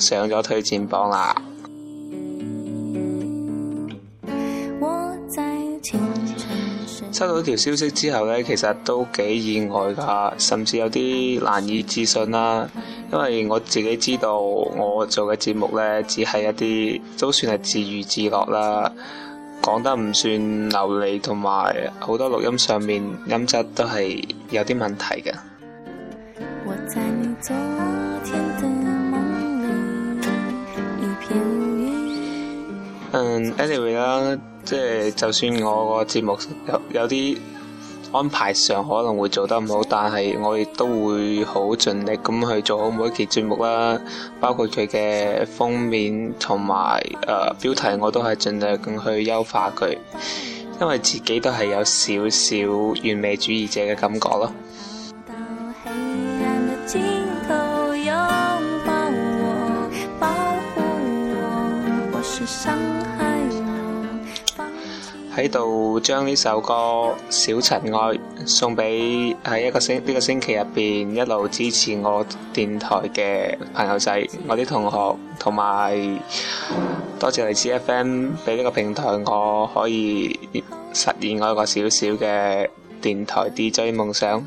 上咗推薦榜啦！收到條消息之後呢，其實都幾意外噶，甚至有啲難以置信啦。因為我自己知道我做嘅節目呢，只係一啲，都算係自娛自樂啦，講得唔算流利，同埋好多錄音上面音質都係有啲問題嘅。嗯，anyway 啦，即係就算我個節目有有啲安排上可能會做得唔好，但係我亦都會好盡力咁去做好每一期節目啦。包括佢嘅封面同埋誒標題，我都係盡量咁去優化佢，因為自己都係有少少完美主義者嘅感覺咯。 喺度將呢首歌《小塵埃》送俾喺一個星呢、這個星期入邊一路支持我電台嘅朋友仔，我啲同學同埋多謝荔枝 FM 俾呢個平台，我可以實現我一個小小嘅電台 DJ 夢想。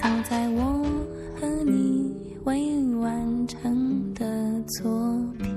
藏在我和你未完成的作品。